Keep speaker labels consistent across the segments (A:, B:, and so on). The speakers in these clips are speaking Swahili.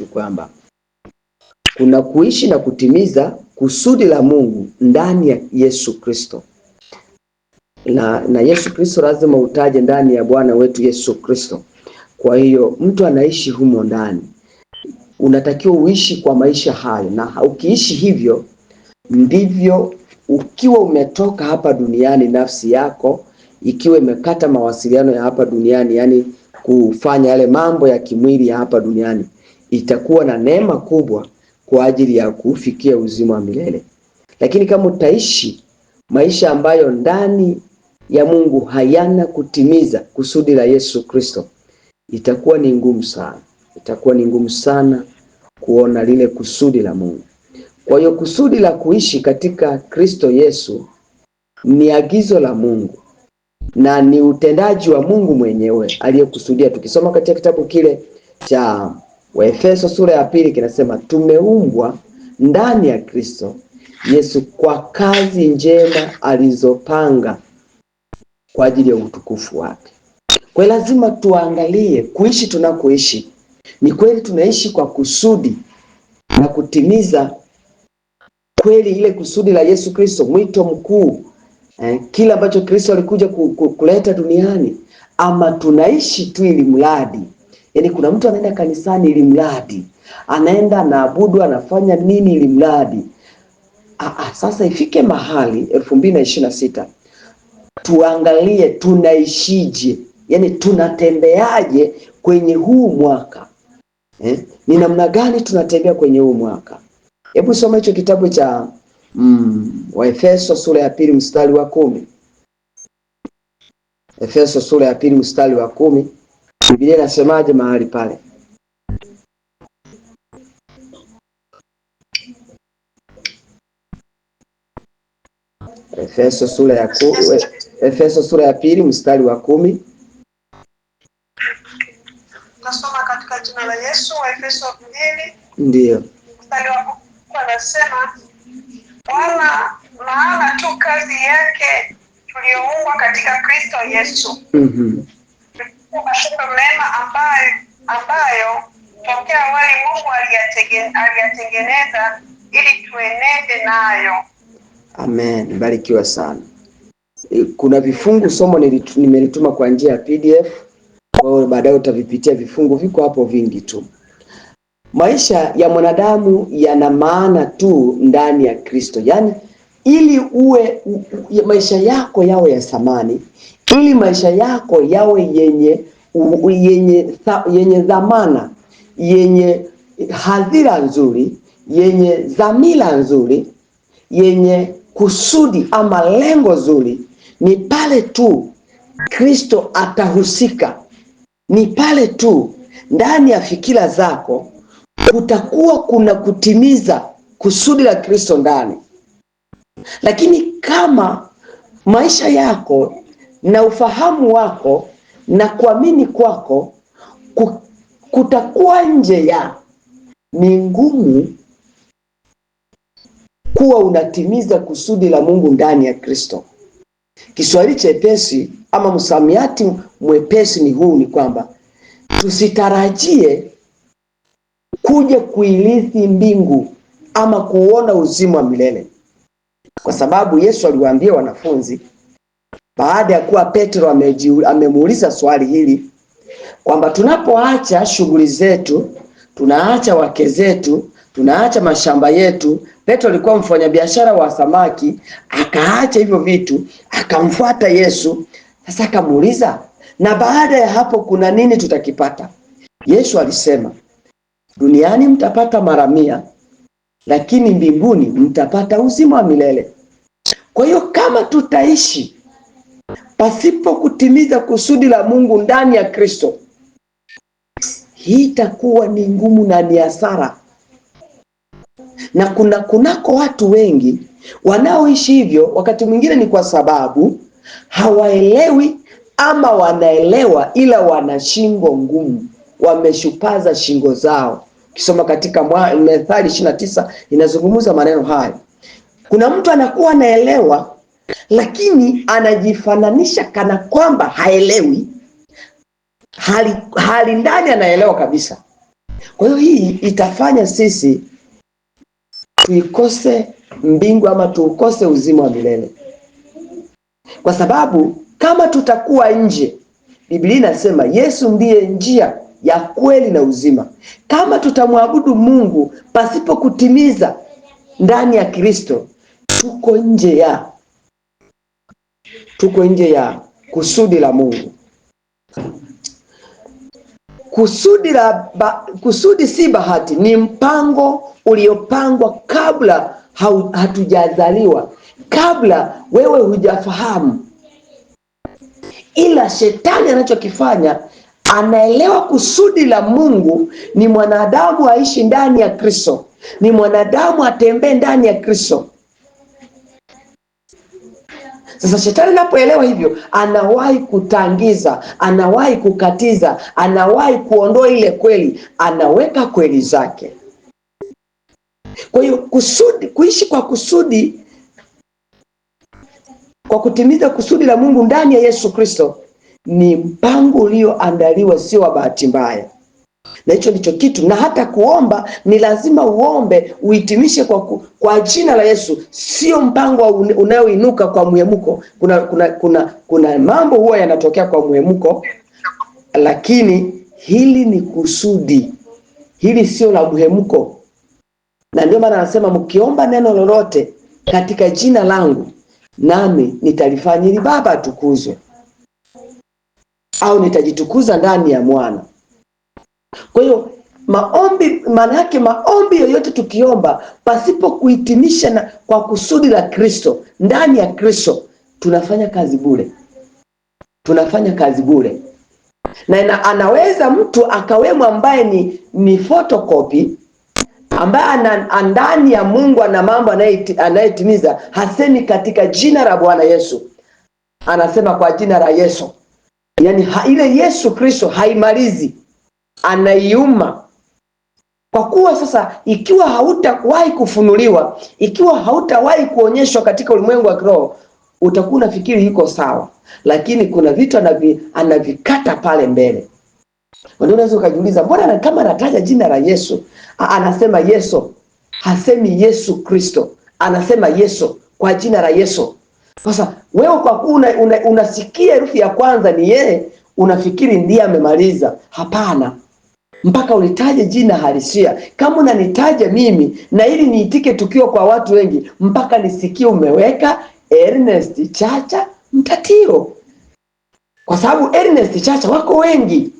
A: kitu kwamba kuna kuishi na kutimiza kusudi la Mungu ndani ya Yesu Kristo na, na Yesu Kristo lazima utaje ndani ya Bwana wetu Yesu Kristo. Kwa hiyo mtu anaishi humo ndani, unatakiwa uishi kwa maisha hayo, na ukiishi hivyo ndivyo, ukiwa umetoka hapa duniani, nafsi yako ikiwa imekata mawasiliano ya hapa duniani, yani kufanya yale mambo ya kimwili ya hapa duniani itakuwa na neema kubwa kwa ajili ya kufikia uzima wa milele. Lakini kama utaishi maisha ambayo ndani ya Mungu hayana kutimiza kusudi la Yesu Kristo, itakuwa ni ngumu sana, itakuwa ni ngumu sana kuona lile kusudi la Mungu. Kwa hiyo kusudi la kuishi katika Kristo Yesu ni agizo la Mungu na ni utendaji wa Mungu mwenyewe aliyekusudia. Tukisoma katika kitabu kile cha Waefeso sura ya pili kinasema tumeumbwa ndani ya Kristo Yesu kwa kazi njema alizopanga kwa ajili ya utukufu wake. Kwa lazima tuangalie kuishi tunakoishi, ni kweli tunaishi kwa kusudi na kutimiza kweli ile kusudi la Yesu Kristo, mwito mkuu eh, kile ambacho Kristo alikuja kuleta duniani, ama tunaishi tu ili mradi Yaani kuna mtu anaenda kanisani ili mradi anaenda naabudu anafanya nini ili mradi ah, sasa ifike mahali elfu na sita tuangalie tunaishije, yaani tunatembeaje kwenye huu mwaka eh? Ni namna gani tunatembea kwenye huu mwaka? Hebu soma hicho kitabu cha mm, Waefeso sura ya pili mstari wa kumi Efeso sura ya pili mstari wa kumi Biblia inasemaje mahali pale? Efeso sura ya ku, Efeso sura ya pili mstari wa kumi.
B: Nasoma katika jina la Yesu wa Efeso mbili. Ndiyo. Mstari wa kumi anasema wala maana tu kazi yake tuliyoumbwa katika Kristo Yesu. Mhm. Mm kuwa mema ambayo ambayo tokea awali Mungu aliyatengeneza ili tuenende nayo.
A: Amen, barikiwa sana. E, kuna vifungu somo nimelituma kwa njia ya PDF, kwao, baadaye utavipitia vifungu, viko hapo vingi tu. Maisha ya mwanadamu yana maana tu ndani ya Kristo, yaani ili uwe u, u, maisha yako yawe ya thamani ili maisha yako yawe yenye yenye yenye dhamana yenye hadhira nzuri yenye dhamira nzuri yenye kusudi ama lengo zuri, ni pale tu Kristo atahusika, ni pale tu ndani ya fikira zako kutakuwa kuna kutimiza kusudi la Kristo ndani. Lakini kama maisha yako na ufahamu wako na kuamini kwako kutakuwa nje ya, ni ngumu kuwa unatimiza kusudi la Mungu ndani ya Kristo. Kiswahili chepesi ama msamiati mwepesi ni huu, ni kwamba tusitarajie kuja kuilithi mbingu ama kuona uzima wa milele, kwa sababu Yesu aliwaambia wanafunzi baada ya kuwa Petro amemuuliza swali hili kwamba tunapoacha shughuli zetu, tunaacha wake zetu, tunaacha mashamba yetu. Petro alikuwa mfanyabiashara wa samaki, akaacha hivyo vitu akamfuata Yesu. Sasa akamuuliza, na baada ya hapo kuna nini tutakipata? Yesu alisema, duniani mtapata mara mia, lakini mbinguni mtapata uzima wa milele. Kwa hiyo kama tutaishi pasipo kutimiza kusudi la Mungu ndani ya Kristo, hii itakuwa ni ngumu na ni hasara, na kuna kunako watu wengi wanaoishi hivyo. Wakati mwingine ni kwa sababu hawaelewi ama wanaelewa ila wana shingo ngumu, wameshupaza shingo zao. kisoma katika Methali 29 inazungumza maneno hayo. Kuna mtu anakuwa anaelewa lakini anajifananisha kana kwamba haelewi hali, hali ndani anaelewa kabisa. Kwa hiyo hii itafanya sisi tuikose mbingu ama tuukose uzima wa milele, kwa sababu kama tutakuwa nje, Biblia inasema Yesu ndiye njia ya kweli na uzima. Kama tutamwabudu Mungu pasipo kutimiza ndani ya Kristo, tuko nje ya tuko nje ya kusudi la Mungu. Kusudi, la ba, kusudi si bahati, ni mpango uliopangwa kabla hatujazaliwa, kabla wewe hujafahamu. Ila shetani anachokifanya anaelewa kusudi la Mungu ni mwanadamu aishi ndani ya Kristo, ni mwanadamu atembee ndani ya Kristo, sasa shetani anapoelewa hivyo, anawahi kutangiza, anawahi kukatiza, anawahi kuondoa ile kweli, anaweka kweli zake. Kwa hiyo kusudi, kuishi kwa kusudi, kwa kutimiza kusudi la Mungu ndani ya Yesu Kristo ni mpango ulioandaliwa, sio wa bahati mbaya na hicho ndicho kitu. Na hata kuomba ni lazima uombe uhitimishe kwa, ku, kwa jina la Yesu, sio mpango unayoinuka kwa mhemko. Kuna, kuna, kuna, kuna mambo huwa yanatokea kwa mhemko, lakini hili ni kusudi, hili sio la mhemko. Na ndio maana anasema mkiomba neno lolote katika jina langu nami nitalifanya ili Baba atukuzwe, au nitajitukuza ndani ya mwana. Kwa hiyo maombi, maana yake maombi yoyote tukiomba pasipo kuhitimisha na kwa kusudi la Kristo, ndani ya Kristo, tunafanya kazi bure, tunafanya kazi bure na ina, anaweza mtu akawemo ambaye ni ni photocopy ambaye ndani ya Mungu ana mambo anayetimiza, hasemi katika jina la Bwana Yesu, anasema kwa jina la Yesu. Yani ile Yesu Kristo haimalizi anaiuma kwa kuwa sasa, ikiwa hautawahi kufunuliwa, ikiwa hautawahi kuonyeshwa katika ulimwengu wa kiroho, utakuwa unafikiri yuko sawa, lakini kuna vitu anavi, anavikata pale mbele. Ndio unaweza ukajiuliza, mbona kama anataja jina la Yesu, anasema Yesu, hasemi Yesu Kristo, anasema Yesu kwa jina la Yesu. Sasa wewe kwa kuwa una, unasikia una herufi ya kwanza ni yeye, unafikiri ndiye amemaliza. Hapana, mpaka unitaje jina halisia. Kama unanitaja mimi na ili niitike tukio kwa watu wengi, mpaka nisikie umeweka Ernest Chacha Mtatiro, kwa sababu Ernest Chacha wako wengi.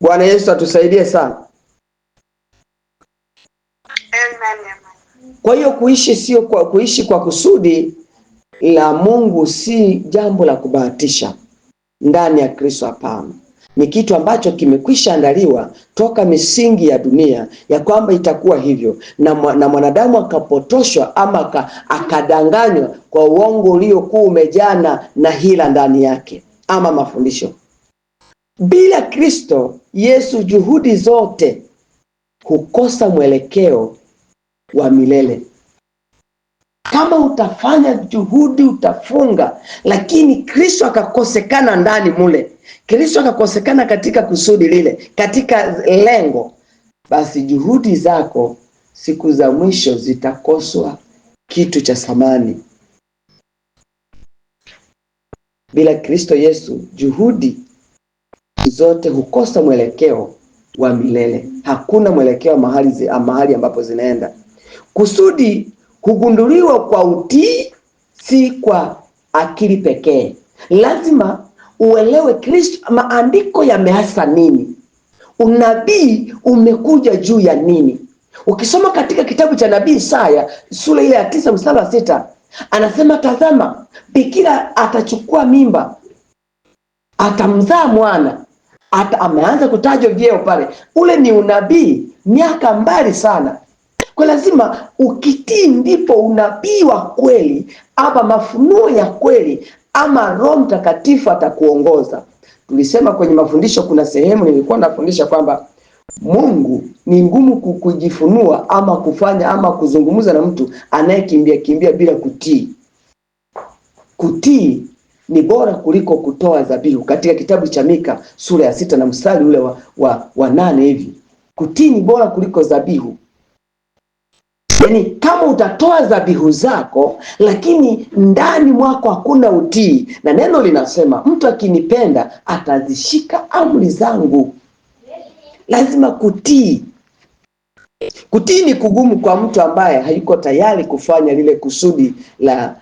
A: Bwana Yesu atusaidie sana. Kwa hiyo kuishi sio kwa, kuishi kwa kusudi la Mungu si jambo la kubahatisha ndani ya Kristo, hapana ni kitu ambacho kimekwisha andaliwa toka misingi ya dunia ya kwamba itakuwa hivyo, na mwanadamu akapotoshwa ama akadanganywa kwa uongo uliokuwa umejana na hila ndani yake ama mafundisho. Bila Kristo Yesu, juhudi zote hukosa mwelekeo wa milele. Kama utafanya juhudi, utafunga, lakini Kristo akakosekana ndani mule akakosekana katika kusudi lile, katika lengo, basi juhudi zako siku za mwisho zitakoswa kitu cha thamani. Bila Kristo Yesu juhudi zote hukosa mwelekeo wa milele, hakuna mwelekeo mahali, zi, mahali ambapo zinaenda. Kusudi hugunduliwa kwa utii, si kwa akili pekee. Lazima uelewe Kristo, maandiko yameasa nini, unabii umekuja juu ya nini. Ukisoma katika kitabu cha nabii Isaya sura ile ya tisa mstari wa sita anasema tazama, bikira atachukua mimba, atamzaa mwana ata, ameanza kutajwa vyeo pale. Ule ni unabii miaka mbali sana, kwa lazima ukitii, ndipo unabii wa kweli ama mafunuo ya kweli ama Roho Mtakatifu atakuongoza. Tulisema kwenye mafundisho, kuna sehemu nilikuwa nafundisha kwamba Mungu ni ngumu kujifunua ama kufanya ama kuzungumza na mtu anayekimbia kimbia bila kutii. Kutii ni bora kuliko kutoa dhabihu, katika kitabu cha Mika sura ya sita na mstari ule wa, wa, wa nane hivi. Kutii ni bora kuliko dhabihu. Yaani, kama utatoa dhabihu zako lakini ndani mwako hakuna utii, na neno linasema mtu akinipenda atazishika amri zangu. Lazima kutii. Kutii ni kugumu kwa mtu ambaye hayuko tayari kufanya lile kusudi la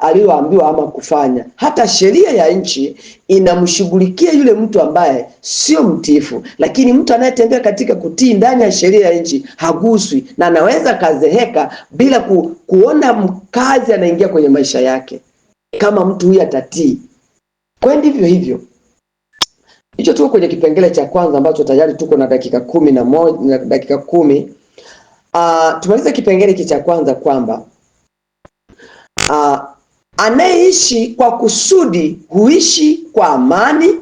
A: aliyoambiwa ama kufanya. Hata sheria ya nchi inamshughulikia yule mtu ambaye sio mtiifu, lakini mtu anayetembea katika kutii ndani ya sheria ya nchi haguswi, na anaweza kazeheka bila ku, kuona mkazi anaingia kwenye maisha yake kama mtu huyu atatii. Kwa ndivyo hivyo hicho tuko kwenye kipengele cha kwanza ambacho tayari tuko na dakika kumi na moja, na dakika kumi. Uh, tumalize kipengele hiki cha kwanza kwamba uh, anayeishi kwa kusudi huishi kwa amani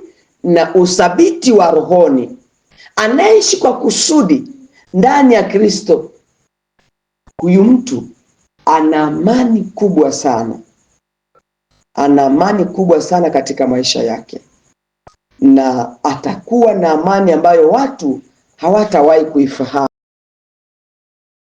A: na uthabiti wa rohoni. Anayeishi kwa kusudi ndani ya Kristo, huyu mtu ana amani kubwa sana, ana amani kubwa sana katika maisha yake, na atakuwa na amani ambayo watu hawatawahi kuifahamu.